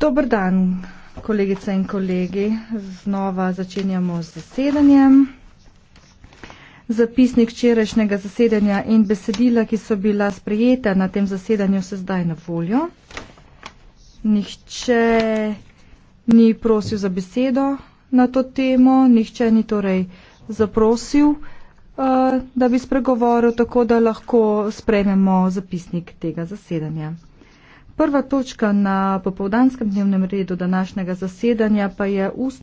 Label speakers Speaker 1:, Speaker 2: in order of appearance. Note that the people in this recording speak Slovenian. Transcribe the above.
Speaker 1: Dobar dan, kolegice in kolegi. Znova začenjamo z zasedanjem. Zapisnik včerajšnjega zasedanja in besedila, ki so bila sprejeta na tem zasedanju, se zdaj na voljo. Nihče ni prosil za besedo na to temo, nihče ni torej zaprosil. Uh, da bi spregovoril tako, da lahko sprejmemo zapisnik tega zasedanja. Prva točka na popovdanskem dnevnem redu današnjega zasedanja pa je
Speaker 2: ustavljena.